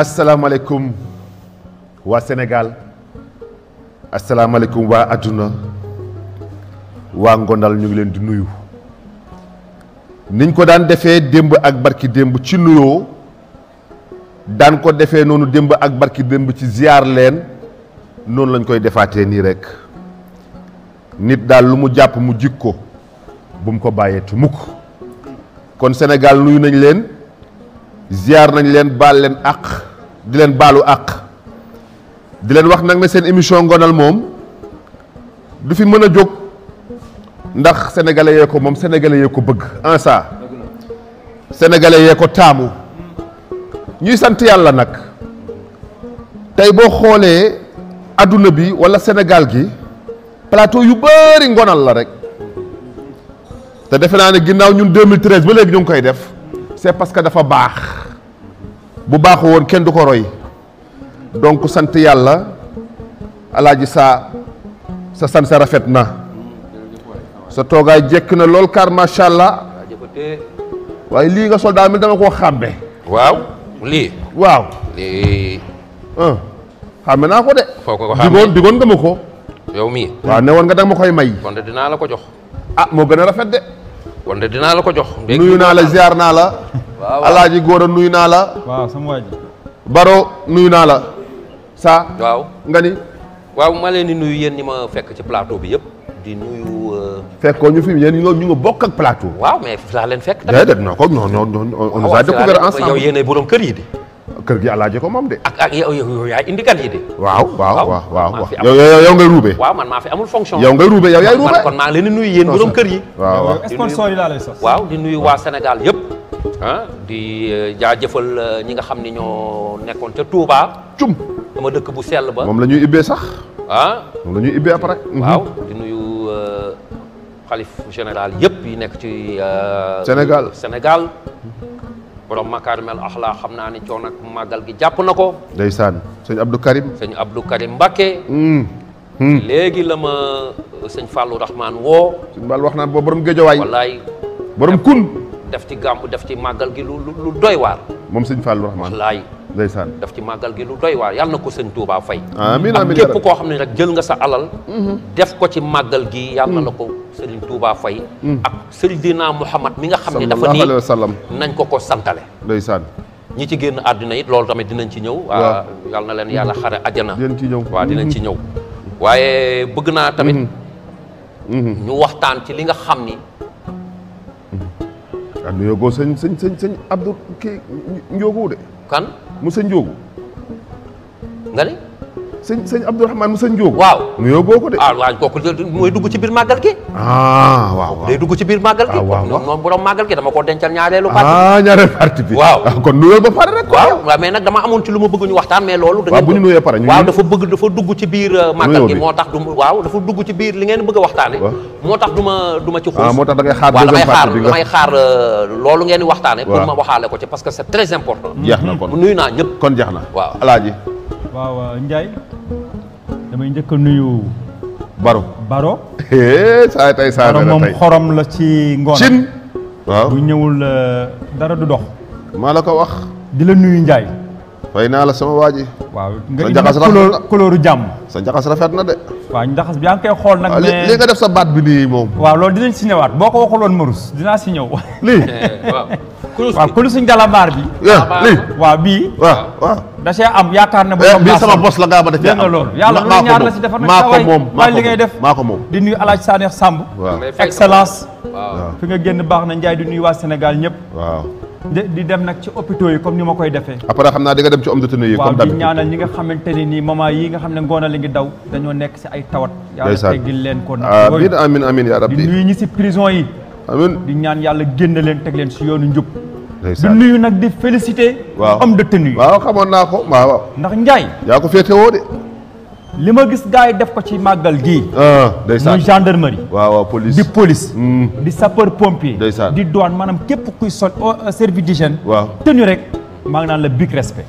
asalaamaaleykum waa Sénégal asalaamaaleykum waa àdduna waa Ngondal ñu ngi leen di nuyu niñ ko daan defee démb ak barki démb ci nuyoo daan ko defee noonu démb ak barki démb ci ziar leen noonu lañ koy defaatee nii rek nit daal lu mu jàpp mu jig ko bu mu ko bàyyee tu mukk kon senegaal nuyu nañ leen ziar nañ leen baal leen àq di leen baalu àq di leen wax nag ne seen émission ngonal moom du fi mën a jóg ndax sénégalais yee ko moom sénégalais yee ko bëgg en sa sénégalais yee ko taamu ñuy sant yàlla nag tey boo xoolee àdduna bi wala Sénégal gi plateau yu bëri ngonal la rek te defe naa ne ginnaaw ñun 2013 ba léegi ñu ngi koy def c'est parce que dafa baax. bu baaxu woon kenn du ko roy donc sant yàlla alaaji saa sa san sa rafet na sa toogaay jekk na lool car macha allah waaye lii nga sol daa mel dama koo xàmme waaw waaw lii xàmme naa ko de foo ko xàmme digoon digoon nga ma ko yow mii waaw ne woon nga danga ma koy may kon dinaa la ko jox ah, moo gën a rafet de kon dinaa la ko jox. nuyu naa la ziar naa la. waaw alaaji góor a nuyu naa la. sama waa ji. Baro nuyu naa la. saa waaw nga ni. waaw ma leen di nuyu yéen ñi ma fekk ci plateau bi yëpp. di nuyu. Euh, fekkoo ñu fi yéen ñu ngi bokk ak plateau. waaw mais fi laa leen fekk. tamit déedéet non non non on ah, nous a découvert ensemble kër yi kër gi alaaje ko moom de. ak ak yow yow yaay yi de. waaw waaw waaw waaw yow ngay ruube. waaw man maa fi amul fonction. yow ngay ruube yow yaay ruube kon maa ngi leen di nuyu yéen borom kër yi. waaw sax. waaw di nuyu waa Sénégal yëpp. Ah, di euh, jaajëfal euh, ñi nga xam ni ñoo nekkoon ca Touba. cum dama bu sell ba. moom la ñuy ibbee sax. ah mhm. di nuyu euh, xalif général yépp yi nekk ci. Sénégal Sénégal. Mhm. borom makaarimal axlaa xam naa ni coono ak màggal gi jàpp na ko. ndeysaan sëñ Abdou Karim. sëñ Abdou Karim Mbacke. Hmm, hmm. léegi la ma euh, sëñ Fallou Rahman woo. sëñ Fall wax naan boo borom géejawaay. wallaay borom kun. def ci gàmb def ci màggal gi lu lu doy waar. moom sëñ Fallou Rahman wallaay. ndeysaan def ci màggal gi lu doy waar yàlla na ko sëñ Touba fay. amiin amiin ak képp koo xam ne rek jël nga sa alal. Hmm. def ko ci màggal gi yàlla na la ko. Serigne Touba Faye hmm. ak Seydina Mouhamad mi nga xam ne dafa nii nañ ko ko santale ndeysaan ñi ci génn àdduna it loolu tamit dinañ ci ñëw waa yal leen yàlla xare àjjana dinañ ci ñëw waaw dinañ ci hmm. ñëw waaye bëgg naa tamit hmm. ñu waxtaan ci li nga xam ni waaw ah, nu yógoo sëñ sëñ sëñ sëñ Abdou kii de kan mu sëñ Njóogu nga ni sëñ sëñ mu sëñ Njóogu waaw nuyoo boo ko de ah waaw kooku mooy dugg ci biir màggal gi ah waaw day dugg ci biir màggal gi moom ah, borom màggal gi dama ko dencal ñaareelu parti ah ñaareelu parti bi waaw ah, kon nag dama amoon ci lu ma bëgg ñu waxtaan mais loolu waaw bu ñu nuyoo pare waaw dafa dugg ci biir uh, màggal gi moo tax du waaw dafa dugg ci biir li ngeen bëgg a waxtaane moo tax du ma du ma xuus ah, moo tax da xaar damay xaar damay xaar uh, loolu ngeen di waxtaane pour ma waxaale ko ci parce que c'est très important jeex na kon nuyu naa ñëpp kon jeex na waaw alaaji waaw Ndiaye damay njëkk a nuyu. Baro Baro. saa tey saa dara tey moom xorom la ci ngoon. cin waaw bu ñëwul euh, dara du dox. maa la ko wax. di la nuyu Ndiaye. fay naa la sama waa ji. waaw nga indi couleur couleuru jàmm. sa njaxas rafet na de. waaw njaxas bi yaa ngi koy xool nag. mais li nga def sa baat bi nii moom. waaw loolu dinañ si ñëwaat boo ko waxuloon Marus dinaa si ñëw. lii eh, waaw. kulus bi waaw kulusuñ bi. lii bii. da see am yaakaar na borom bi sama bos la ngaa ma defee am loolu yàlla loolu ñaar la si defar nag saa waay waay li ngay def maa ko moom di nuyu alaaj Sanex Samb excellence fi nga génn baax na Ndiaye di nuyu waa Sénégal ñëpp waaw di dem nag ci hôpitaux yi comme ni ma koy defee après xam naa di nga dem ci homme de tenue yi comme nga xamante ne nii moment yi nga xam ne ngoon ngi daw nekk si ay tawat leen ko nag amiin amiin yaa di di ñaan yàlla génn leen teg leen si yoonu njub di nuyu nag di félicité. waaw homme de tenue. waaw xamoon naa ko waaw. ndax Ndiaye. yaa ko féetewoo de. li ma gis gars yi def ko ci màggal gii. Ah, ndeysaan muy gendarmerie. waaw waaw police di police. Hmm. di sapeur pompier. ndeysaan di douane maanaam képp kuy sol oh, euh, service d'hygiène. waaw tenue rek maa ngi naan la big respect.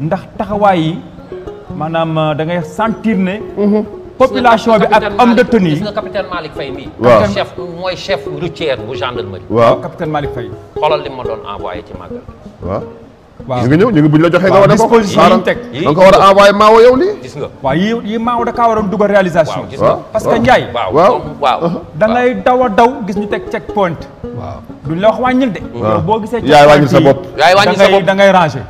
ndax taxawaay yi maanaam euh, da ngay ne. Mm-hmm. population bi ak homme de tenue. gis nga capitaine Malick Faye mii. waaw chef mooy chef routier bu gendarmerie. waaw capitaine Malick Faye. li ma doon envoyé ci màggal. waaw. waaw gis nga ñëw ñu ngi buñ la joxee nga war ko xaaral da nga ko war a envoyé maawo parce que Ndiaye waaw waaw uh-huh. da ngay daw a daw gis ñu teg check point waaw duñ la wax wàññil de boo gisee yaay wàññil sa bopp yaay wàññil sa bopp da ngay ranger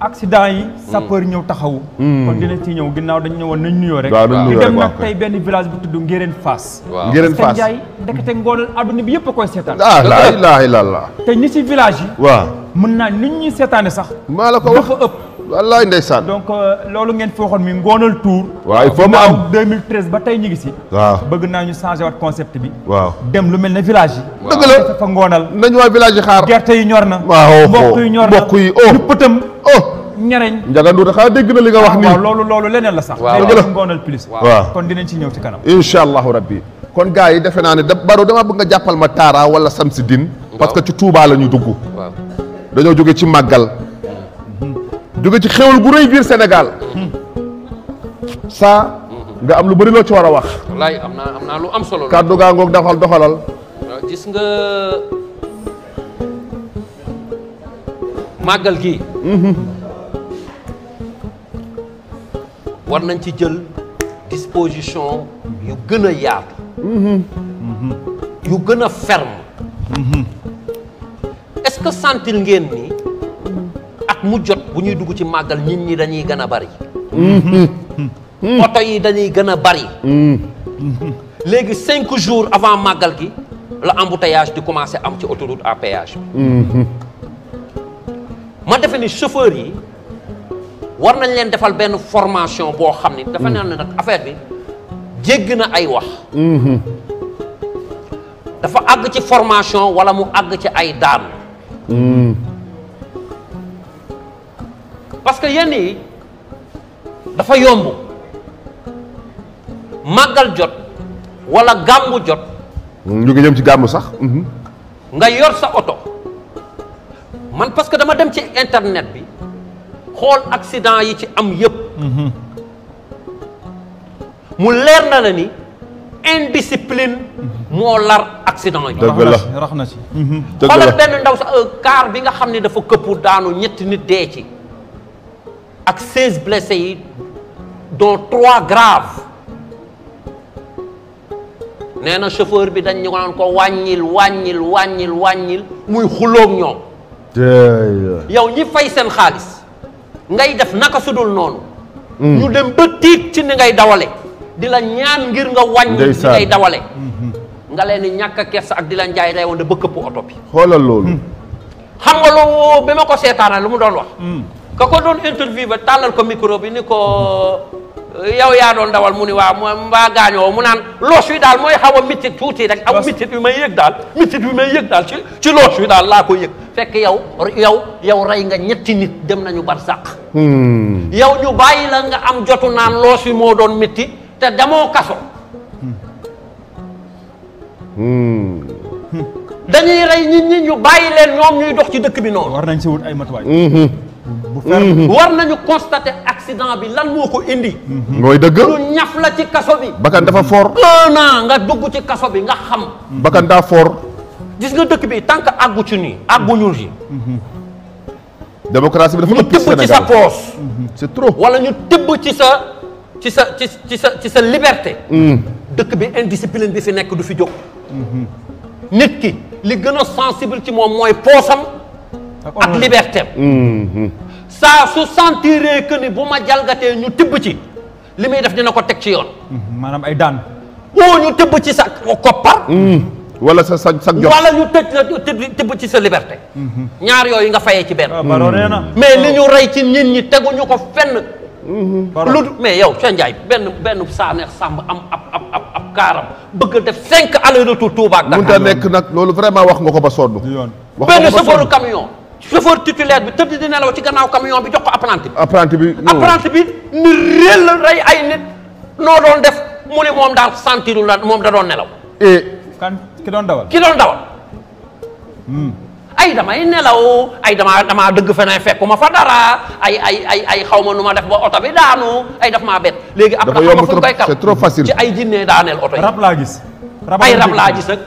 accident yi hmm. sapeur ñëw taxawu hmm. kon dinañ ci ñëw ginnaaw dañ ñëwoon nañ nuyoo rek ñu dem nag tey benn village bu tudd Ngérène Fass Ngérène Fass Ndiaye ndekete ngoonal adduna bi yëpp a koy seetaan ah laa ilaaha illallaah te ñi ci village yi waa mën naa nit ñi seetaane sax. maa la ko wax dafa ëpp. wallaay ndeysaan donc euh, loolu ngeen fi waxoon mi ngoonal tour waaw il faut mu am 2013 ba tey ñu ngi si. waaw bëgg naa ñu changé waat concept bi. waaw dem lu mel ne village yi. dëgg la dafa ngoonal. nañu waa village yi xaar. gerte yi ñor na. waaw oh, mboq oh. yi ñor na mboq yi oh. ñu pëtam oh. ñereñ. Ndiaga Ndour xanaa dégg na li nga wax nii. loolu loolu leneen la sax. waaw dëgg la ngoonal plus. waaw kon dinañ ci ñëw ci kanam. incha allahu rabbi. kon gars yi defe naa ne da baro dama bëgg nga jàppal ma Taara wala Samsidine. parce que ci Touba la ñu dugg. dañoo jóge ci màggal jóge ci xéwl gu rëy biir Sénégal saa nga am lu bari loo ci war a wax. am naa am naa lu am solo la. kàddu gaa ngoog doxal doxalal. nga màggal gi. Mhm. war nañ ci jël yu gën a yaatu. Mhm. yu gën a ferme. Mhm. est-ce que sentil ngeen ni at mu jot bu ñuy dugg ci màggal nit ñi dañuy gën a bari. oto yi dañuy gën a bari. léegi cinq jours avant màggal gi la embouteillage di commencé am ci autoroute à ma defe ni chauffeur yi war nañ leen defal benn formation boo xam ni. dafa naan nag affaire bi jégg na ay wax. dafa àgg ci formation wala mu àgg ci ay daan. Mm. parce que yenn yi dafa yomb màggal jot walla gàmmu jot. ñu ngi ci gàmmu sax. Mm-hmm. nga yor sa oto man parce que dama dem ci internet bi xool accident yi ci am yëpp. Mm-hmm. mu leer na la ni indiscipline. Mm-hmm. moo lar accident yi. rax na si mhm. Mhm. xoolal benn ndaw sa car euh, bi nga xam ne dafa këppu daanu ñetti nit dee ci ak seize blessés yi dont trois graves nee na chauffeur bi dañ ko naan ko wàññil wàññil wàññil wàññil muy xuloog ñoom. yow ñi fay seen xaalis ngay def naka sudul noonu. Mhm. ñu dem ba tiit ci ni ngay dawale. di la ñaan ngir nga wàññi. ci ngay dawale. nga leen di ñàkk a ak di la njaay day da bëgg këpp oto bi. xoolal loolu. xam nga lu bi ma ko seetaanal lu mu doon wax. ka ko doon interview ba tàllal ko micro bi ni ko yow yaa doon dawal mu ni waa mbaa gaañoo mu naan loos wi daal mooy xaw a mitit tuuti rek. am mitit bi may yëg daal mitit bi may yëg daal ci ci loos wi daal laa ko yëg. fekk yow yow yow rey nga ñetti nit dem nañu barsàq. Hmm. yow ñu bàyyi la nga am jotu naan loos wi moo doon mitti te demoo kaso. Hmm. dañuy rey nit ñi ñu bàyyi leen ñoom ñuy dox ci dëkk bi noonu. war nañ si wut ay matuwaay. Hmm. bu hmm. war nañu constater accident bi lan moo ko indi. mooy dëgg. lu ñaf la ci kaso bi. bakkan dafa foor un an nga dugg ci kaso bi nga xam. bakkan daa fort. gis nga dëkk bi tant que àggu ci nii àgguñu ci. démocratie bi dafa ëpp ci Sénégal ñu tibb ci sa poos. c'est wala ñu tibb ci sa ci sa ci sa ci sa liberté. dëkk bi indiscipline bi fi nekk du fi jóg. nit ki li gën a sensible ci moom mooy poosam. ak liberté mm-hmm. saa su sentiree que bu ma jalgatee ñu tibb ci li muy def dina ko teg ci yoon. Mm-hmm. maanaam ay daan. woo ñu tibb ci sa koppar. Mm-hmm. wala sa sa sa jox wala ñu tëj tibb ci sa liberté. ñaar yooyu nga fayee ci benn. Ah, mais li oh. ñu rey ci nit ñi teguñu ko fenn. lu mais yow sa Ndiaye benn benn saa neex sàmb am ab Ndakaaram bëgg a def cinq aller retour Touba ak Dakar. mënut a nekk nag loolu vraiment wax nga ko ba sonn. yoon wax benn chauffeur camion. chauffeur titulaire bi tëdd di nelaw ci gannaaw camion bi jox ko apprenti bi. apprenti bi apprenti bi ni réel rey ay nit noo doon def mu ne moom daal sentirul la moom da doon nelaw. et. kan ki doon ki doon dawal. Hmm. ay damay nelaw ay damaa damaa dëgg feneen fekkuma fa dara ay ay ay xaw ma nu ma def ba oto bi daanu ay daf maa bett. léegi ab dafa yomb trop c'est ay jinne daaneel oto laa gis. ay rab laa gis nag.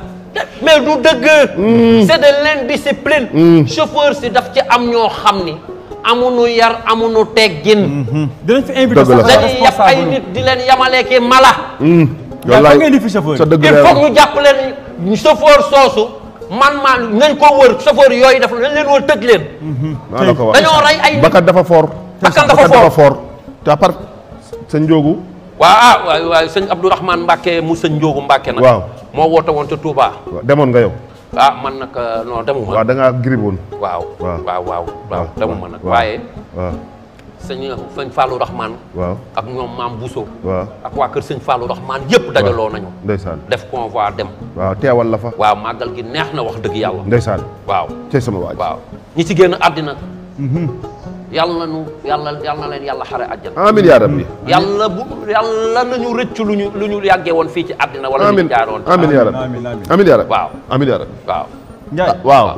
mais du dëgg. Hmm. c'est de l'indiscipline. Hmm. chauffeur si daf ci am ñoo xam ni. amuñu yar amuñu teggin. Hmm. dinañ fi invité sax dañuy yab ay nit di leen yamale ki mala. yow sa dëgg il faut ñu jàpp leen chauffeur soosu. man maa nañ ko wër chauffeur yooyu def nañ leen wër tëj leen. dañoo dafa foor bakkan dafa fort te à part sëñ Ndiogu. waaw ah waaw waaw sëñ Abdourahmane Mbacke mu sëñ Ndiogu Mbacke nag. moo woote woon ca Touba. demoon nga yow. ah man nag euh, non demuma. waaw da ngaa woon. waaw waaw waaw waaw demuma nag waaye. sëñ sëñ Fallou Rahman. waaw ak ñoom maam Bousso. waaw ak waa kër sëñ Fallou Rahman yëpp dajaloo nañu. ndeysaan def convoi dem. waaw teewal la fa. waaw màggal gi neex na wax dëgg yàlla. ndeysaan waaw tey sama waaj. waaw ñi ci génn àddina. Mhm. yàlla na nu yàlla yàlla na leen yàlla xare àjjana. amiin yaa rabbi. yàlla bu yàlla na ñu rëcc lu ñu lu ñu yàggee woon fii ci àddina. wala lu ñu jaaroon amiin yaa rabbi amiin yaa rabbi waaw amiin yaa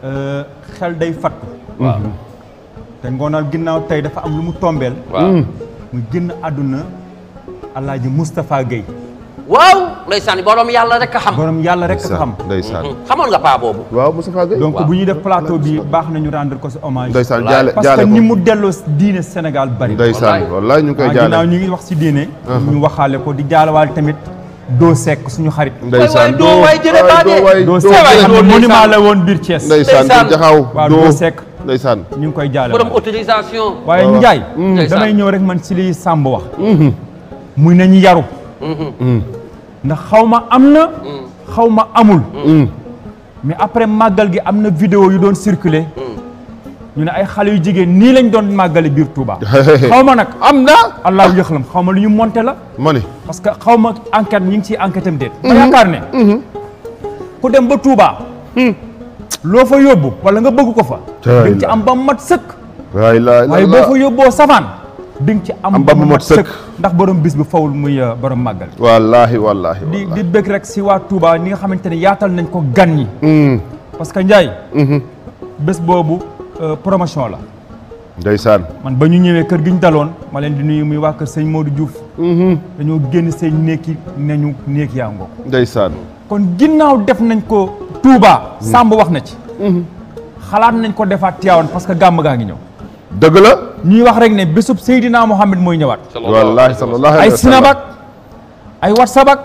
euh, xel day fàtt. waaw. Mhm. te ngoonal ginnaaw tey dafa am lu mu tombeel mm. mu génn àdduna alaaji Moustapha Guèye waaw ndeysaan borom yàlla rek a xam borom yàlla rek a xam ndeysaan mm-hmm. xamoon nga paa boobu waaw Moustapha Guèye donc bu ñuy def plateau bi baax nañu rendre ko si hommage ndeysaan jaale parce que ni mu delloo diine Sénégal bari ndeysaan wallaay ñu ngi koy ah, jaale ginnaaw ñu ngi wax si diine uh-huh. ñu waxaale ko di jaalewaal tamit doo sekk suñu xarit. ndeysaan doo waay jërë baadee doo sekk monument la woon biir Thiès. ndeysaan jaxaw doo waaw doo sekk ndeysaan ñu ngi koy jaale borom autorisation waaye Njaay damay ñëw rek man si li Samb wax mhm. muy nañu yaru mhm. ndax xaw ma am na mhm. xaw ma amul mais après màggal gi am na vidéo yu doon circuler ñu ne ay xale yu jigéen nii lañ doon màggale biir Touba. xaw ma nag am na. allahu yëxlam xaw ma lu ñu monte la. ma ne parce que xaw ma enquête ñu ngi ciy enquête am déet. yaakaar ne. ku dem ba Touba. Hmm. loo fa yóbbu wala nga bëgg ko fa di ci am ba mat sëkk waaye boo fa yóbboo safaan di nga ci am ba mat sëkk ndax borom bis bi fawul muy euh, borom màggal wallaahi wallaahi di di bëgg rek si waa Touba ni nga xamante ne yaatal nañ ko gan ñi mm. parce que Ndiaye mm-hmm. bés boobu euh, promotion la ndeysaan man ba ñu ñëwee kër gi ñu daloon ma leen di nuyu muy waa kër sëñ Modou Diouf mm-hmm. dañoo génn seen néeki nañu néek yaa ngoo ndeysaan kon ginnaaw def nañ ko Touba. Hmm. Samb wax na ci. Hmm. xalaat nañ ko defaat Tiwaawan parce que gàmm gaa ngi ñëw. dëgg la. ñuy wax rek ne bésub Seydina Mohamed mooy ñëwaat. wallaahi sallallahu alayhi wa sallam ay sinabak ay whatsapp ak.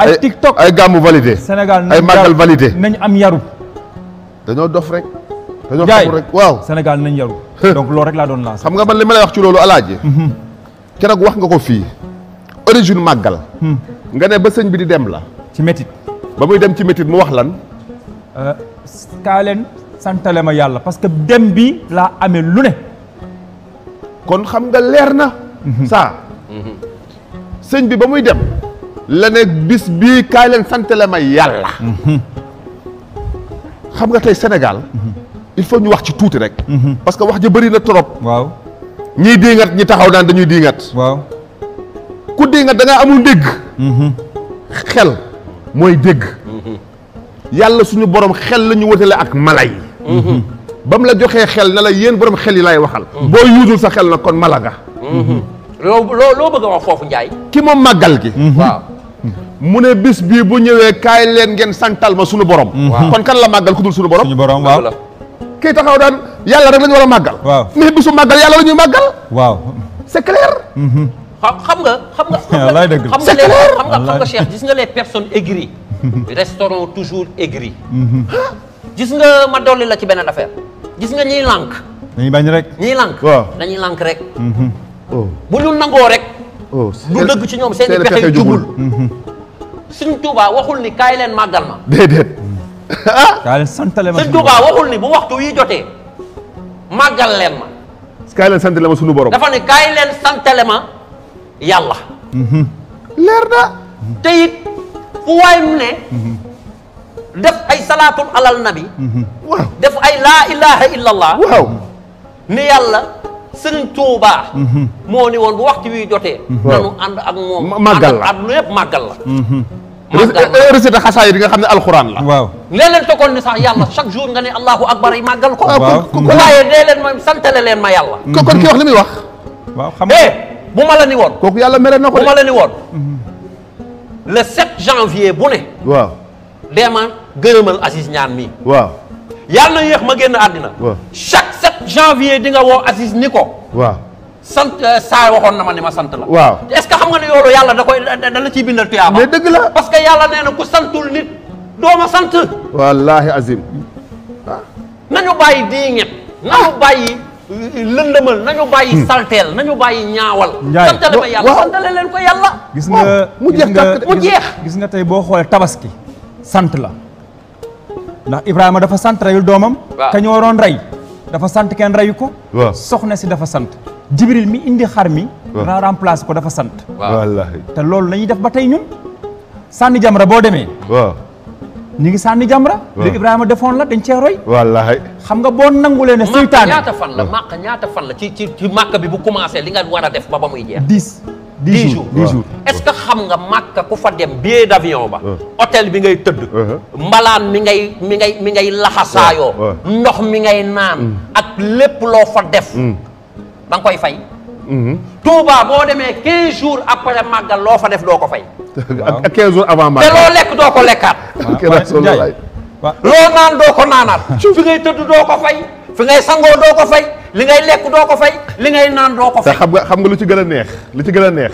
ay tiktok ay gàmmu validé. senegal ay màggal validé nañ am yaru dañoo dof rek. dañoo xamul rek waaw Sénégal nañ yarub. donc loolu rek laa doon lancé. xam nga man li ma lay wax ci loolu alaaji. Mm-hmm. keroog wax nga ko fii. origine màggal. Hmm. nga ne ba sëñ bi di dem la. ci métit ba muy dem ci métit mu wax lan euh, kaa leen santale ma yàlla parce que dem bi laa amee lu ne kon xam nga leer na mhm. saa sëñ bi ba muy dem la ne bis bii kaa leen yàlla mhm. xam nga tey senegal mhm. il faut ñu wax ci tuuti rek parce que wax ja bëri na trop waaw ñiy diingat ñi taxaw naan dañuy diingat waaw ku diingat da ngaa amul dégg xel mooy dégg yàlla suñu borom xel la ñu wutale ak mala yi ba mu la joxee xel na la yéen borom xel yi lay waxal boo yuusul sa xel na kon mala nga loo loo bëgg wax foofu Njaay ki moom màggal gi hmm. mu ne bis bii bu ñëwee kaay leen ngeen santal ma suñu borom hmm. kon kan la màggal ku dul suñu borom suñu borom waaw kii taxaw daan yàlla rek la war a màggal waaw bisu màggal yàlla la ñuy màggal waaw c'est clair hmm. xam xam nga xam nga xam nga xam nga xam nga Cheikh gis nga les personnes aigries resteront toujours aigries mhm. ah, gis nga ma dolli la ci beneen affaire gis nga ñiy lànk dañuy bañ rek ñiy lànk waaw dañuy lànk rek mhm. oh. bu ñu nangoo rek du oh, dëgg ci ñoom seen i pexe jugul mhm. suñ Tuubaa waxul ni kaay leen màggal ma déedéet ah! kaay leen santale ma suñ Tuubaa waxul ni bu waxtu yi jotee màggal leen ma kaay leen santale ma suñu borom dafa ne kaay leen santale ma yàlla. leer na. te it fu waay mu ne. def ay salaatul alal nabi. waaw def ay laa ilaha illallah. waaw ne yàlla sëñ Tuubaa. moo ni woon bu waxtu wi jotee. nanu ànd ak moom. màggal la àdduna yëpp màggal la. récité eh, xasaay yi nga xam ne alxuraan la waaw léeg-leen tokkoon ni sax yàlla chaque jour nga ne allahu akbar yi màggal ko waaye dee leen ma santale leen ma yàlla kon ki wax li muy wax waaw xam nga eh, bu ma la ni woon. kooku yàlla mere na ko bu ma la ni woon. le 7 janvier bu ne. waaw. deema gërëmal Aziz ñaan mii. waaw. yàlla na yéex ma génn àddina. waaw chaque 7 janvier di nga woo Aziz ni ko. waaw. sant euh, saa waxoon na ma ni ma sant la. waaw est-ce que xam nga ne yoolu yàlla da koy da la ciy bindal tuyaaba. mais dëgg la parce que yàlla nee na ku santul nit doo ma sant. wallaahi azim. nañu bàyyi dii ñett nañu bàyyi. lëndëmal nañu bàyyi hmm. salteel nañu bàyyi ñaawal santale ma yàlla santale leen ko yàlla gis nga oh, mu jeex mu jeex gis nga tey boo xoolee tabaski sant la ndax Ibrahima dafa sant reyul doomam ka waroon rey dafa sant kenn reyu ko soxna si dafa sant Jibril mi indi xar mi ra remplace ko dafa sant te loolu la def ba tey ñun sànni jamra boo demee ñi ngi sànni jamra li Ibrahima defoon la dañ cee roy. wallaahi. xam nga boo nangu nangulee ne. seytaane ñaata fan la màq ñaata fan la ci ci ci màq bi bu commencé li nga war a def ba ba muy jeex. dix dix jours dix jours. est-ce que xam nga màq ku fa dem billet d'avion ba. hôtel bi ngay tëdd. mbalaan mi ngay mi ngay mi ngay laxasaayoo. ndox mi ngay naan. Mm. ak lépp loo fa def. Mm. da nga koy fay. Mhm. Touba boo demee 15 jours après màggal loo fa def doo ko fay. ak 15 jours avant màggal te loo lekk doo ko lekkaat. loo naan doo ko naanaat. fi ngay tëdd doo ko fay. fi ngay sangoo doo ko fay. li ngay lekk doo ko fay. li ngay naan doo ko fay. xam nga xam nga lu ci gën a neex. lu ci gën a neex.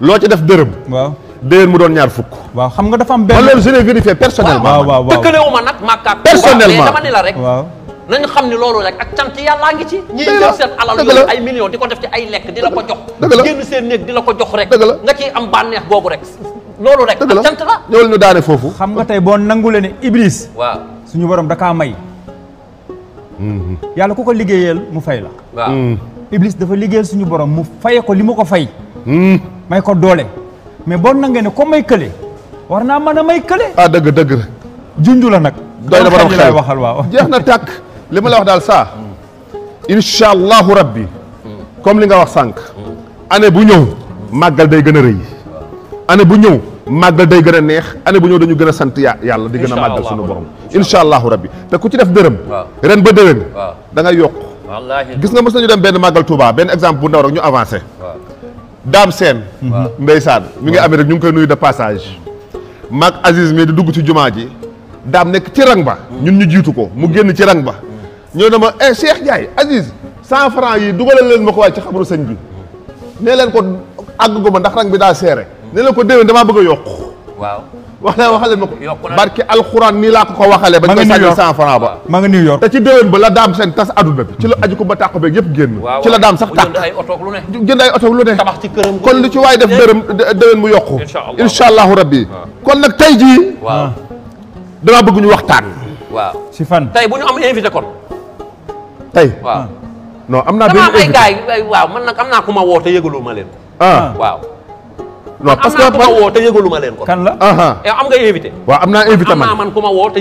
loo ci def dërëm. waaw mu doon ñaar fukk. waaw xam nga dafa am benn man loolu je l'ai vérifié personnellement. waaw waaw waaw tëkkale wu ma nag màkkaat. personnellement dama ni la rek. nañu xam ni loolu rek ak cant yàllaa ngi ci ñi jël seen alal yooyu ay millions di ko def ci ay lekk di la ko jox génn seen néeg di la ko jox rek nga ciy am bànneex boobu rek loolu rek ak cant la ñëwal ñu daane foofu xam nga tey boo nangu le ne Iblis suñu borom da kaa may mm-hmm. yàlla ku ko liggéeyal mu fay la waaw mm-hmm. dafa liggéeyal suñu borom mu faye ko li mu ko fay mm-hmm. may ko doole mais boo nangee ne ko may kële war naa mën a may kële ah, dëgg dëgg junju la nag doy na borom xel waxal waaw na tàkk li ma la wax daal saa incha allahu rabbi comme li nga wax sànq année bu ñëw màggal day gën a rëy année bu ñëw màggal day gën a neex année bu ñëw dañu gën a sant yàlla di gën a màggal suñu borom incha allahu rabbi te ku ci def dërëm ren ba déwén da nga yokk gis nga mos nañu dem benn màggal Touba benn exemple bu ndaw rek ñu avancé daam seen ndeysaan mu ngi amee rek ñu ngi koy nuyu de passage mag Aziz mi di dugg ci jumaa ji daam nekk ci rang ba mm. ñun ñu jiitu ko mu génn ci rang ba ñëw na ma eh Cheikh Ndiaye Aziz cent franc yi dugalal leen ma ko waaye ci xabru sëñ bi nee leen ko àgg gu ma ndax rang bi daa seere nee leen ko déwén damaa bëgg yokk waaw wax naa waxale ma ko barke alxuraan nii laa ko ko waxale ba ñu sànni cent franc ba nga New York te ci déwén ba la daam seen tas aduna bi ci la aju ko ba tàq beeg yëpp génn ci la daam sax tàq jënd ay oto lu ne tabax ci këram kon lu ci waay def dërëm déwén mu yokku incha allahu rabbi kon nag tey jii damaa bëgg ñu waxtaan waaw si fan tey bu ñu am invité kon tey waaw ah. non am naa benn ay gars waaw man am naa ku ma woo te yëgalu ma leen ko ah. Ah. waaw non parce que am naa ku woo te leen ko la eh, am nga waaw am naa invité man am naa ma woo te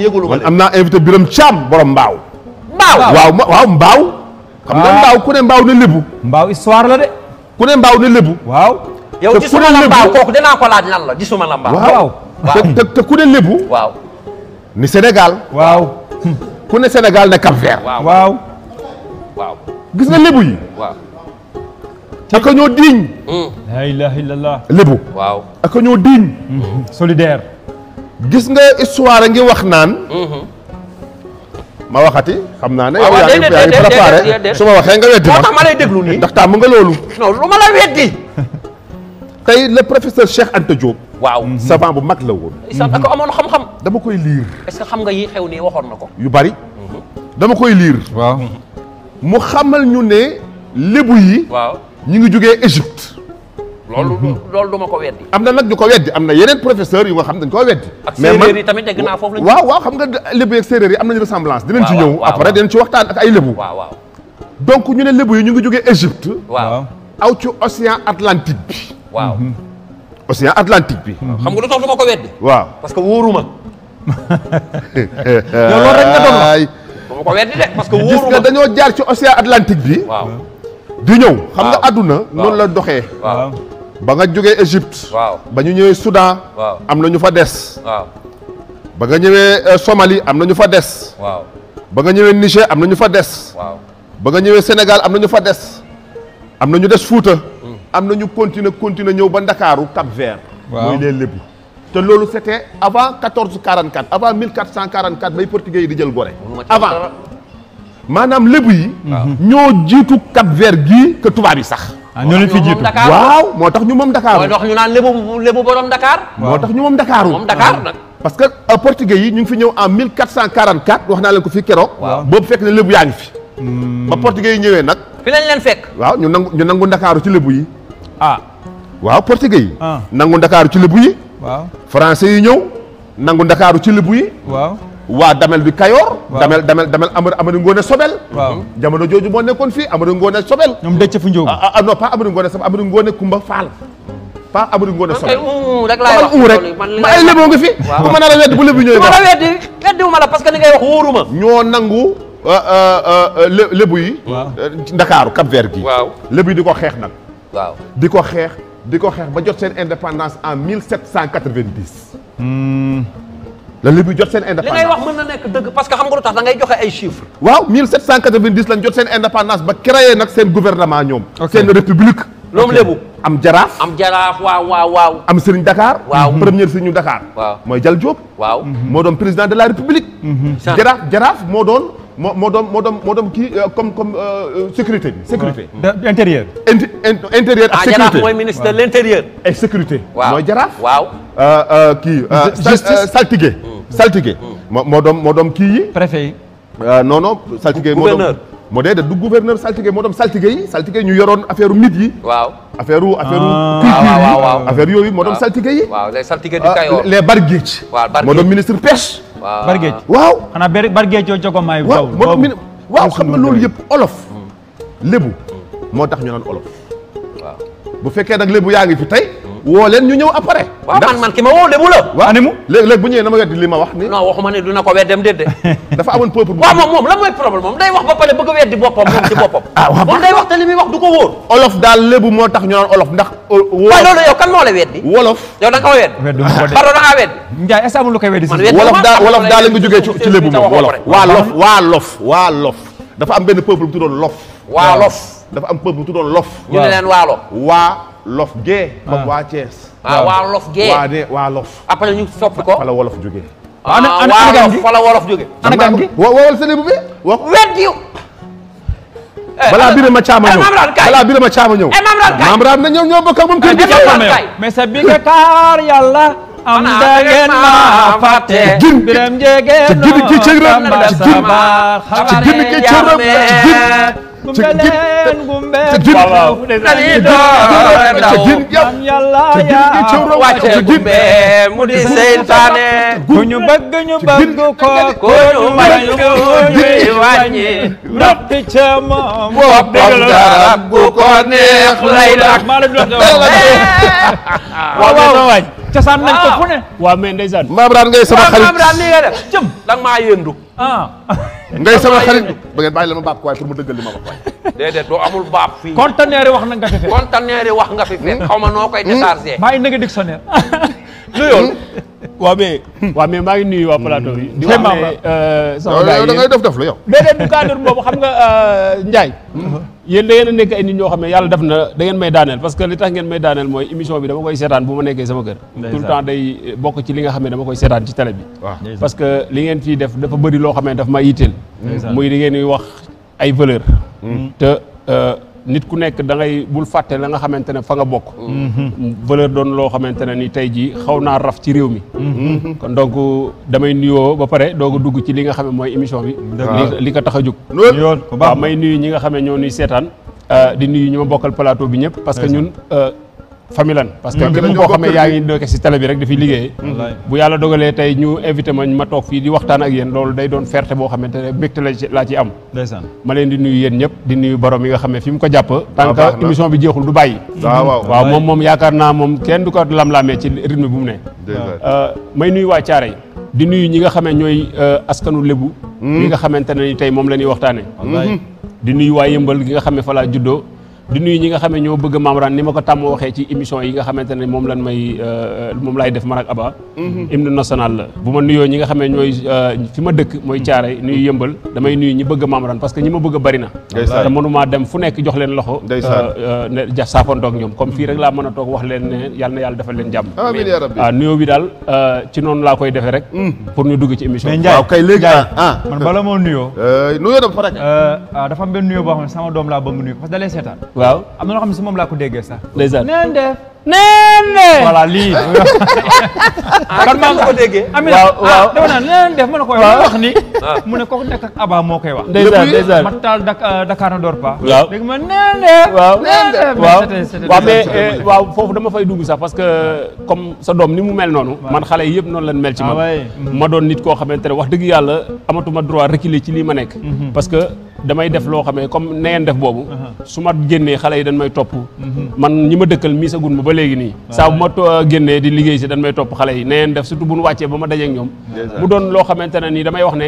am naa invité Biram Thiam borom mbaaw mbaaw waaw waaw mbaaw xam nga mbaaw ku ne mbaaw ne lébu mbaaw histoire la de ku mbaaw ne lébu waaw yow gisuma ni Sénégal waaw ku ne Sénégal ne Cap Vert waaw gis nga lébu yi. waaw. ak a hmm. la ilaha illallah. lébu. waaw ñëw a hmm. solidaire. gis nga histoire ngi wax naan. Hmm. ma waxati xam naa ne. waaw ah, waaw déedéet yaa ngi préparé su ma waxee nga weddi ma. ndax tax mu nga loolu. non lu ma la weddi. tey le professeur Cheikh Anta Diop. waaw savant bu mag la woon. isaan ak amoon xam-xam. dama koy liir. est que xam nga yi xew nii waxoon na ko. yu bari. dama koy liir. mu xamal ñu ne lébu yi. waaw ñu ngi jugee Égypte. loolu mhm. loolu du ma ko weddi. am na nag ñu ko weddi am na yeneen professeur yu nga xam dañ ko weddi. mais man ak séeréer yi tamit dégg naa foofu la. waaw waaw xam nga lébu ak séeréer yi am nañu ressemblance. dinañ ci ñëw après dinañ ci waxtaan ak ay lébu. waaw donc ñu ne lébu yi ñu ngi jugee Égypte. waaw aw ci océan Atlantique bi. waaw mhm. océan Atlantique bi. Mhm. xam nga lu tax du ko weddi. waaw parce que wóoruma. Eh, eh, loolu ma ko parce que wóoru gis nga dañoo jaar ci océan Atlantique bi. waaw di ñëw. xam nga àdduna noonu la doxee. ba nga jógee Égypte. waaw ba ñu ñëwee Soudan. am na ñu fa des. waaw ba nga ñëwee euh, am na ñu fa des. waaw ba nga ñëwee Niger am na ñu fa des. ba nga ñëwee Sénégal am na ñu fa des. am na ñu des Fuuta. Hmm. am na ñu continuer continuer ñëw ba Ndakaaru Cap Vert. mooy les lébu. te loolu c' était avant 1444 avant 1444 bay portugais yi di jël Gorée. avant maanaam lébu yi. Ah. ñoo jiitu Cap-Vert gii que tubaab yi sax. ah ñoo leen fi jiitu waaw moo tax ñu moom Dakar. mooy wax ñu naan lébu lébu borom Dakar. moo tax ñu moom Dakar. Ah. parce que euh, portugais yi ñu ngi fi ñëw en 1444 wax naa leen ko fii keroog. waaw boobu fekk na lébu yaa ngi fi. Hmm. ba portugais yi ñëwee nag. fi lañ leen fekk. waaw ñu nangu ñu nangu Ndakaaru ci lébu yi. ah waaw portugais yi. Ah. nangu Ndakaaru ci lébu yi. waaw français yi ñëw nangu ndakaaru ci libu yi waaw waa damel bi Kayor. damel damel damel Amar Amari Ngoone Sobel. waaw jamono jooju moo nekkoon fii Amari Ngoone Sobel. ñoom dëcc fu ñëw. ah a ah, non pas Amari Ngoone Sobel Amari Ngoone Kumba Faal. pas Amari Ngoone Sobel ma ay lebo nga fi. waaw bu ma la wedd bu lebu ñëwee. ma la ma la parce que ni ngay wax euh, euh, euh, yi. Ndakaaru Cap Vert gi. waaw lebu yi di ko xeex nag. waaw di ko xeex. di ko xeex ba jot seen indépendance en 1790. Hmm. la Libye jot seen indépendance li ngay wax mën na nekk dëgg parce que xam nga lu tax da ngay joxe ay chiffres. waaw 1790 lañ jot seen indépendance ba créé nag seen gouvernement ñoom. seen république. loolu lébu am jaraaf. am jaraaf waaw waaw waaw. am sëriñ dakaar waaw premier sëriñu Dakar. waaw mooy Jal Diop. waaw moo doon président de la république. Mm-hmm. jaraaf jaraaf moo doon. moo moo doon moo doon moo doon kii euh, comme comme euh, euh, sécurité bi sécurité. intérieur. inti intérieur a ah, sécurité ah jaraaf mooy ministre de l' intérieur. waaw mooy jaraaf. waaw kii. justice saltige. saltige. Mm. Mm. moo moo moo doon kii yi. préfet yi. non non moo doon moo dee du gouverneur saltige moo doon saltige yi saltige ñu yoroon affaire nit yi. waaw affaire affaire. Ah. waaw waaw yooyu moo doon saltige yi. waaw les saltige du Kayoor. moo doon ministre pêche. waaw bargeej waaw. xanaa bargeej yoo jogo maay. waaw waaw xam nga loolu yëpp olof. Hmm. lébu moo tax ñu naan olof. Hmm. bu fekkee nag lébu yaa ngi fi tey. woo leen ñu ñëw après. waaw man man ki ma woo demu la. waaw animu léeg-léeg bu ñëwee dama weddi li ma wax ni non waxuma ne dina ko weddem déedéet. dafa amoon peuple bu. waaw moom moom lan mooy problème moom day wax ba pare bëgg a weddi boppam moom ci boppam. ah waaw moom day wax te li muy wax du ko wóor. olof daal lébu moo tax ñu naan olof ndax. Uh, wolof waaw loolu yow kan moo la weddi. wolof yow da nga ko weddi. weddi mu ko de pardon da ngaa weddi. Ndiaye est-ce que amul lu koy weddi si. man weddi wolof daal wolof daal la nga jógee ci lébu moom wolof waa lof waa lof waa lof dafa am benn peuple bu tuddoon lof waa lof dafa am peuple bu tuddoon lof ñu ne leen waalo waa lof gee. mag ah. waa Thiès. Ah, waaw waa lof gee waa lof. Ah, ana ana ana gan gi fa la wolof jógee. ana gan maam raad na ñëw ñoo bokk ak moom eh, kër gi. mais sa bi am da ngeen ma fàtte. gin biram jege ci gin gi cëram ci gin ci gin ci gin. gumbeleen gumbeleen gumbeleen dañuy door daw am yàlla yaa wàcce gumbe mu di seytaane ku ñu bëgg ñu bëgg ko ku ñu bañ ñu ñuy wàññi noppi ca moom boppam dara bu ko neex lay lakk waaw casaan nañ ko fu ne waaw mais ndeysaan maam raan ngay sama xarit maam raan li nga def jëm dang maa yëndu ah ngay sama xarit bàyyi la ma baab ko waaye pour mu dëggal li ma wax waaye. déedéet doo amul baab fii. conteneur yi wax na nga fi fekk. conteneur yi wax nga fi fekk. Hmm? xaw ma noo koy hmm? déchargé. bàyyi na nga dictionnaire. lu yoon. waaw mais. waaw mais maa ngi nuyu waa plateau bi. di wax ne eh, sama gars yi da ngay def def la yow. déedéet du cadre boobu xam nga eh, Ndiaye. Uh-huh. yéen da ngeen a nekk ay nit ñoo xam yàlla def na da ngeen may daaneel parce que li tax ngeen may daaneel mooy émission bi dama koy seetaan bu ma nekkee sama kër. tout temps day bokk ci li nga xam ne dama koy seetaan ci télé bi. parce que li ngeen fii def dafa bëri loo xam ne daf ma yitteel. muy li ngeen wax ay valeur hmm. te. Eh, nit ku nekk da ngay bul fàtte la nga xamante ne fa nga bokk mm-hmm. valeur doon loo xamante ne ni tey jii xaw naa raf ci réew mi mm-hmm. kon donc damay nuyoo ba pare doog a dugg ci li nga xam ne mooy émission bi li ko tax a jóg waaw may nuyu ñi nga xam ne ñoo nuy seetaan euh, di nuyu ñu ma bokkal palaato bi ñëpp parce que ñun euh, familan parce que mm. képp koo xam yaa ngi doke si télé bi rek dafiy liggéey mm. bu yàlla dogalee tey ñu invité ma ma toog fii di waxtaan ak yen loolu day doon fierté boo xamante ne mbégte laa ci am ndeysaan ma leen di nuyu yéen ñëpp di nuyu borom yi nga xam ne fi mu ko jàpp ah, tant que émission bi jeexul du bàyyi mm-hmm. waaw moom moom yaakaar naa moom kenn du ko lam-laamee ci rythme bu mu ne euh, may nuyu waa Thiaroye di nuyu ñi nga xam ñooy euh, askanu lébu mm-hmm. ñi nga xamante ne ni tey moom la ñuy waxtaane di nuyu waa yëmbal gi nga xam ne fa laa juddoo di nuyu ñi nga xam ne ñoo bëgg Mamran ni ma ko tàmm waxee ci émission yi nga xamante ne moom lan may euh, euh, moom laay def man ak Aba. Mm-hmm. hymne national la bu ma nuyoo ñi nga xam ne ñooy euh, fi ma dëkk mooy Thiaray nuyu yëmbal damay nuyu ñi bëgg Mamran parce que ñi ma bëgg bari na te dem fu nekk jox leen loxo ne ja saafoontoog ñoom comme fii rek laa mën a toog wax leen ne yàlla na yàlla defal leen jàmm waaw ah, bi daal ci noonu laa koy defee rek mm. pour ñu dugg ci émission waaw kay léegi ah, ah man bala moo nuyoo nuyoo ah, dafa rek nuyoo boo xam ne laa bëgg nuyu parce que waaw am na loo xam ne si moom laa ko déggee sax. ndeysaan neen def. nene. voilà lii. Ah, kan maa ngi ko déggee. Amina ah ko ah. mu ne kooku nekk moo koy wax. ndeysaan ndeysaan ma taal euh, Dakar ne dort pas. waaw dégg waaw dama fay dugg sax parce que comme sa doom ni mu mel noonu. man xale yëpp noonu lañ mel ci ah, man. Mm-hmm. ma doon nit koo xamante ne wax dëgg yàlla amatuma droit reculer ci lii ma nekk. Mm-hmm. parce que damay def loo xamee comme na ngeen def boobu. Uh-huh. su ma génnee xale yi dañ may topp. Mm-hmm. man ñi ma dëkkal miisagun ma ba léegi nii saa bu ma euh, génnee di liggéey si dañ may topp xale yi na def surtout bu nu wàccee ba ma dajeek ñoom mu doon loo xamante ne nii damay wax ne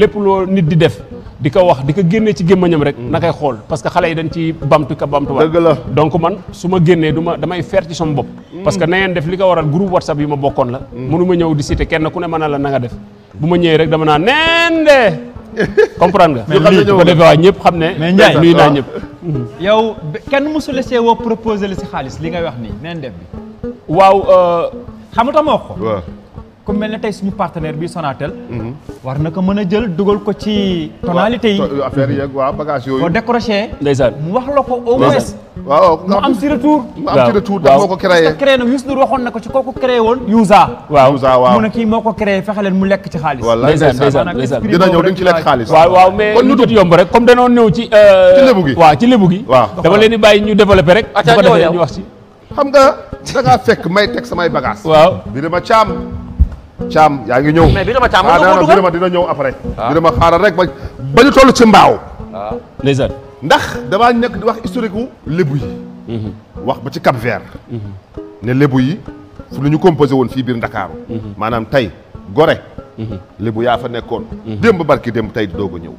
lépp loo nit di def di ko wax di ko génnee ci gémmañam rek mm. na kay xool parce que xale yi dañ ci bamtu ka bamtuwaat dëgg la donc man su ma génnee du ma damay fer ci sama bopp mm. parce que na def li ka waral groupe whatsapp yi ma bokkoon la mm. mënu ma ñëw di cité kenn ku ne mën a la nanga def bu ma ñëwee rek dama comprendre nga. lii bu defee waa ñëpp xam ne. mais naa ñëpp. yow kenn mosu se see woo proposé la si xaalis li ngay wax nii neen def bi. waaw euh, xam nga tax ma comme mel na tey suñu partenaire bi Sonatel. Mhm. war na ko mën a jël dugal ko ci. tonalité yi affaire yeeg waaw bagage yooyu. boo décroché. ndeysaan mu la ko au moins. waaw mu am si retour. mu am si retour daf moo ko créé. parce que na Youssou ko ci kooku créé woon. Youza waaw Youza waaw mu ne kii moo ko créé fexe leen mu lekk ci xaalis. wallaay dina ñëw di ci lekk xaalis. waaw waaw mais kon yomb rek comme danoo ñëw ci. Euh, ci lébu gi waaw ci lébu gi. waaw dama leen di bàyyi ñu développé rek. bu ko defee ñu wax ci xam nga da fekk may teg samay bagage. waaw bi dama Thiam yaa ngi ñëw. mais Birama Thiam Birama dina ñëw après. Ah. Birama xaaral rek ba ba ñu toll ci mbaaw. Ah. ndax damaa nekk di wax historique wu lébu yi. Mhm. wax ba ci Cap Vert. Mhm. ne lébu yi fu lu ñu composé woon fii biir Ndakaaru. Mhm. maanaam tey Gorée. lébu yaa fa nekkoon. démb barki démb tey doo a ñëw.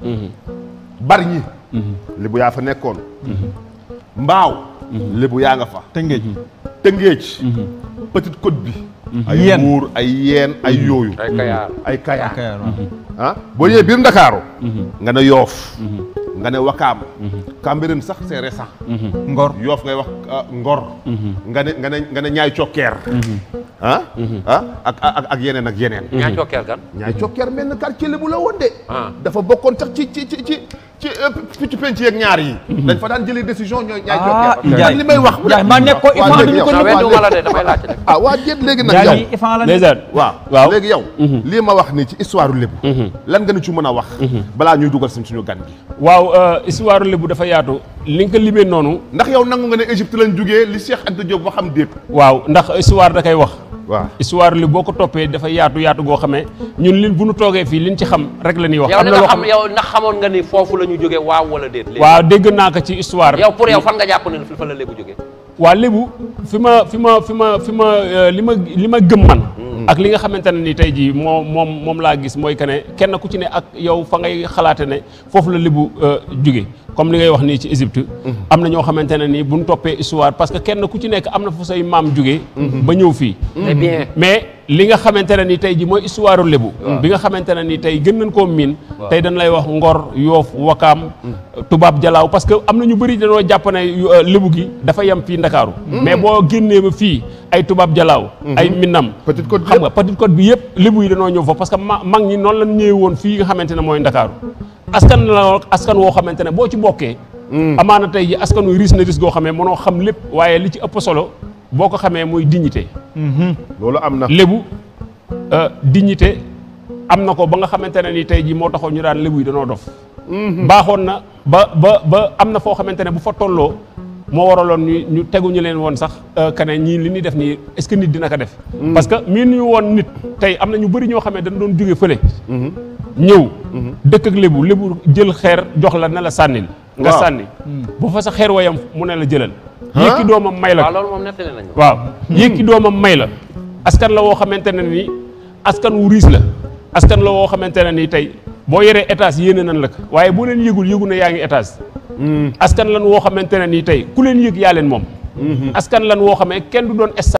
bari ñi. lébu yaa fa nekkoon. mbaaw. lébu yaa nga fa. Tëngéej. Tëngéej. Petite Côte bi. ay mbuur ay yeen ay mm-hmm. yooyu ay kayaar mm-hmm. ay kayaar mm-hmm. ah boo ñëwee biir ndakaaru nga ne yoof nga ne wakaam Cambérène sax c'est récent ngor yoof ngay wax ah, nga ne nga ne nga ne ñaay cokkeer ah ah ak ak ak yeneen ak yeneen ñaay cokkeer kan ñaay cokkeer mel na quartier bu la woon de ah. dafa bokkoon sax ci ci ci ci euh, ci penc yeeg ñaar yi. Mhm. dañ fa daan jëlee décision ñooy. ñaay ah, jokkee ak li may wax. Ndiaye ma nekk ko Ifan du ñu ko nëbbu ah waa jéet léegi nag yow waaw waaw léegi yow. Mhm. lii ma wax ni ci histoire lébu. Mhm. lan nga nu ci a wax. balaa ñuy dugal suñ suñu gan gi. waaw euh, histoire lébu dafa yaatu. li nga limee noonu. ndax yow nangu nga ne Égypte lañ jógee li Cheikh Anta Diop wax xam déet. waaw ndax histoire da koy wax. waaw histoire li boo ko toppee dafa yaatu yaatu goo xamee ñun lin bu nu toogee fii li liñ ci xam rek la ñuy wax. am na loo xam yow ndax xamoon nga ni foofu la ñu jógee waaw wala déet. waaw dégg naa ko ci histoire. yow pour yow fan nga jàpp ne fa la léegi jógee. waa lébu fi ma fi ma fi ma fi ma euh, li ma li ma gëm man mm. ak li nga xamante ne ni tey jii moo moom moom laa gis mooy que ne kenn ku ci ne ak yow fa ngay xalaate ne foofu la lébu euh, jóge comme li ngay wax nii ci Égypte mm-hmm. am na ñoo xamante ne nii buñ toppee histoire parce que kenn ku ci nekk am na fu say maam jóge mm-hmm. ba ñëw fii mais li nga xamante ne ni tey ji mooy histoire lébu bi nga xamante ne ni tey gën nañ koo miin tey dañ lay wax ngor yoof wakaam mm. tubaab jalaaw parce que am na ñu bëri dañoo jàpp ne euh, lébu gi dafa yem fii ndakaaru mm. mais boo génnee ma fii ay tubaab jalaaw mm-hmm. ay minam petite côte xam nga petite côte bi yëpp lébu yi ñëw foofu parce que ma mag ñi noon lañ ñëwee woon fii nga xamante ne mooy ndakaaru askan la askan woo xamante ne boo ci bokkee mm. amaana tey ji askan wu riis na riis goo xamee noo xam lépp waaye li ci ëpp solo boo ko xamee mooy dignité. Mm-hmm. loolu am na lébu euh, dignité am na ko ba nga xamante ne nii tey jii moo taxoon ñu daan lébu yi danoo dof. mbaaxoon mm-hmm. na ba ba ba am na foo xamante ne bu fa tolloo moo waraloon ñu ñu teguñu leen woon sax euh, que ñii li ñuy def nii est-ce que nit dina ko def. Mm-hmm. parce que miin ñu woon nit tey am na ñu bëri ñoo xam ne dañu doon jóge fële. ñëw. dëkk ak lébu lébu jël xeer jox la ne la sànnil. nga sànni hmm. bu fa sa xeer wayam mu ne la jëlal yëkki doomam may la waaw hmm. yëkki may la askan la woo xamante ne ni askan wu riis la askan la woo xamante ne ni tey boo yoree étage yéene nan la waaye boo leen yëgul yëgu na yaa ngi étage hmm. askan lan woo xamante ne nii tey ku leen yëg yaa leen moom askan lan woo xamee kenn du doon